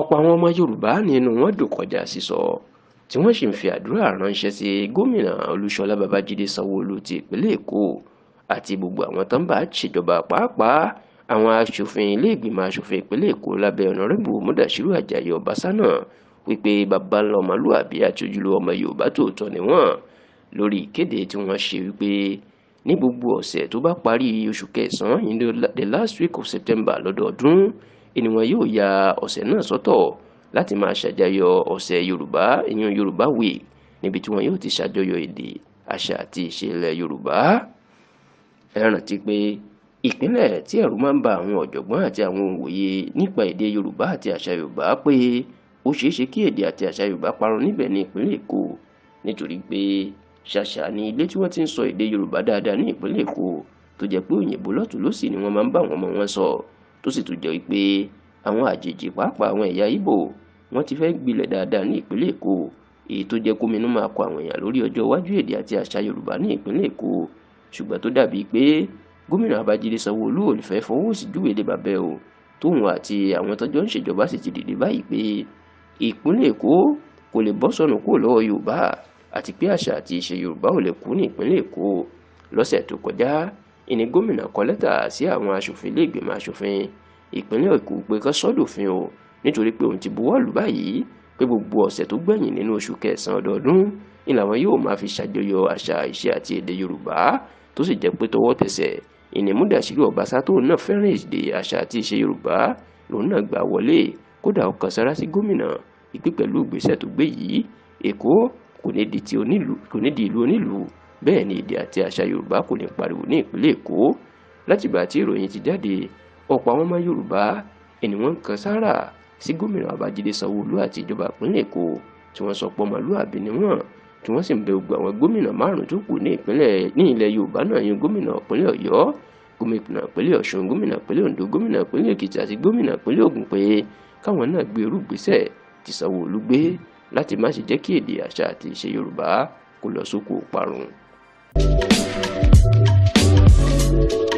ọ̀pọ̀ àwọn ọmọ yorùbá ni inú wọn dùn kọjá sísọ tí wọ́n sì ń fi àdúrà ránṣẹ́ sí gómìnà olúṣọlá babájídé sanwóolu ti ìpínlẹ̀ èkó àti gbogbo àwọn tó ń bá ṣèjọba pàápàá àwọn aṣòfin ilé ìgbìmọ̀ aṣòfin ìpínlẹ̀ èkó lábẹ́ ọ̀nàrẹ́bù mudashiru ajayi ọbaṣá náà wípé baba ńlá ọmọlúwàbí àti ojúlówó ọmọ yorùbá tòótọ́ ni wọ́n lórí ìkéde tí wọ́n ṣe wípé ní gbogbo ọ̀sẹ̀ tó bá parí oṣù kẹsàn-án the last week of september lọ́dọọdún ènìwọ̀n yóò ya ọ̀sẹ̀ náà sọ́tọ̀ láti máa ṣàjọyọ̀ ọ̀sẹ̀ yorùbá ìyẹn yorùbá week níbi tí wọn yóò ti ṣàjọyọ̀ èdè àṣà àti ìṣe ilẹ̀ yorùbá ẹ rántí pé ìpínlẹ̀ tí ẹ̀rù máa ń ba àwọn ọ̀jọ̀gbọ́n àti àwọn òwòye nípa èdè yorùbá àti àṣà yorùbá pé ó ṣeé ṣe kí èdè àti àṣà yorùbá parun níbẹ̀ ní ìpínlẹ̀ èkó nítorí pé ṣàṣà ni ilé tí wọ́n ti ń sọ èdè yorùbá dáadáa ní ìpínlẹ̀ èkó tó jẹ́ pé òyìnbó lọ́tùlọ́sì ni wọ́n máa ń bá àwọn ọmọ wọn sọ tó sì tún jẹ́ wípé àwọn àjèjì pàápàá àwọn ẹ̀yà Ìgbò wọ́n ti fẹ́ gbilẹ̀ dáadáa ní ìpínlẹ̀ Èkó èyí tó jẹ́ kóminú máa kọ àwọn èèyàn lórí ọjọ́ iwájú èdè àti àṣà Yorùbá ní ìpínlẹ̀ Èkó ṣùgbọ́n tó dàbí pé gómìnà Babájídé Sanwó-Olú ò lè fẹ́ fọwọ́ sí júwe lé bàbẹ́ o tóun àti àwọn tọ́jọ́ ń ṣèjọba sì ti dìde báyìí pé ìpínlẹ̀ Èkó kò lè bọ́ sọnù kúrò lọ́wọ́ Yorùbá àti pé àṣà àti ìṣe Yorùbá ò lè kú ní ìpínlẹ̀ Èkó lọ́sẹ̀ tó kọjá ìní gómìnà kọ lẹ́tà sí àwọn aṣòfin ilé ìgbìmọ̀ aṣòfin ìpínlẹ̀ Èkó pé kán sọ́dọ̀fin o nítorí pé òun ti buwọ́lù báyìí pé gbogbo ọ̀sẹ̀ tó gbẹ̀yìn nínú oṣù kẹsàn-án ọdọọdún ni làwọn yóò máa fi ṣàjọyọ̀ àṣà ìṣe àti èdè Yorùbá tó sì jẹ́ pé tọwọ́ tẹsẹ̀ ìnímúdàṣírí Ọbaṣá tó náà fẹ́ràn èdè àṣà àti ìṣe Yorùbá lòun náà gbà wọlé kódà ó kan sára sí gómìnà ìpín pẹ̀lú ìgbésẹ̀ tó gbé yìí Èkó kò ní di ìlú onílùú bẹ́ẹ̀ ni èdè àti àṣà yorùbá kò ní pariwo ní ìpínlẹ̀ èkó látìgbà tí ìròyìn ti jáde ọ̀pọ̀ àwọn ọmọ yorùbá ẹni wọ́n ń kan sára sí gómìnà babájídé sanwóolu àti ìjọba ìpínlẹ̀ èkó tí wọ́n sọ pé ọmọlúàbí ni wọ́n tí wọ́n sì ń bẹ gbogbo àwọn gómìnà márùn tó kù ní ilẹ̀ yorùbá náà yan gómìnà ìpínlẹ̀ ọ̀yọ́ gómìnà ìpínlẹ̀ ọ̀ṣun gómìnà ìpínlẹ̀ oǹdó gómìnà ìpínlẹ̀ èkìtì àti gómìnà ìpínlẹ̀ ògùn pé káwọn náà gbé irúgbésẹ̀ tí sanwóolu gbé láti má ṣe jẹ́ kí lọ sóko parun Thank you.